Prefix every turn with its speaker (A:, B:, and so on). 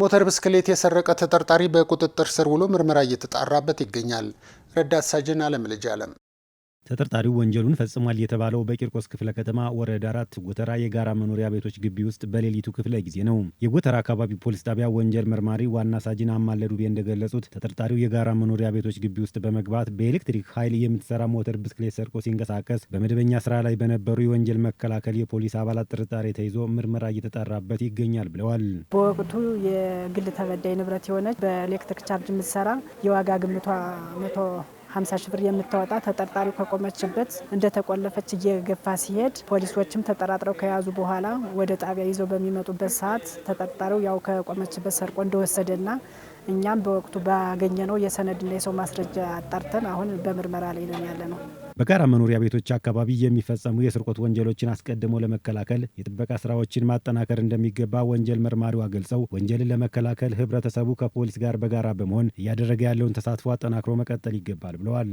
A: ሞተር ብስክሌት የሰረቀ ተጠርጣሪ በቁጥጥር ስር ውሎ ምርመራ እየተጣራበት ይገኛል። ረዳት ሳጅን አለምልጅ አለም
B: ተጠርጣሪው ወንጀሉን ፈጽሟል የተባለው በቂርቆስ ክፍለ ከተማ ወረዳ አራት ጎተራ የጋራ መኖሪያ ቤቶች ግቢ ውስጥ በሌሊቱ ክፍለ ጊዜ ነው። የጎተራ አካባቢ ፖሊስ ጣቢያ ወንጀል መርማሪ ዋና ሳጅን አማለ ዱቤ እንደገለጹት ተጠርጣሪው የጋራ መኖሪያ ቤቶች ግቢ ውስጥ በመግባት በኤሌክትሪክ ኃይል የምትሰራ ሞተር ብስክሌት ሰርቆ ሲንቀሳቀስ በመደበኛ ስራ ላይ በነበሩ የወንጀል መከላከል የፖሊስ አባላት ጥርጣሬ ተይዞ ምርመራ እየተጣራበት ይገኛል ብለዋል።
C: በወቅቱ የግል ተበዳይ ንብረት የሆነች በኤሌክትሪክ ቻርጅ የምትሰራ የዋጋ ግምቷ መቶ 50 ሺህ ብር የምታወጣ ተጠርጣሪው ከቆመችበት እንደተቆለፈች እየገፋ ሲሄድ ፖሊሶችም ተጠራጥረው ከያዙ በኋላ ወደ ጣቢያ ይዘው በሚመጡበት ሰዓት ተጠርጣሪው ያው ከቆመችበት ሰርቆ እንደወሰደና እኛም በወቅቱ ባገኘነው የሰነድና የሰው ማስረጃ አጣርተን አሁን በምርመራ ላይ ነን ያለ ነው።
B: በጋራ መኖሪያ ቤቶች አካባቢ የሚፈጸሙ የስርቆት ወንጀሎችን አስቀድሞ ለመከላከል የጥበቃ ስራዎችን ማጠናከር እንደሚገባ ወንጀል መርማሪዋ ገልጸው ወንጀልን ለመከላከል ህብረተሰቡ ከፖሊስ ጋር በጋራ በመሆን እያደረገ ያለውን ተሳትፎ አጠናክሮ መቀጠል ይገባል ብለዋል።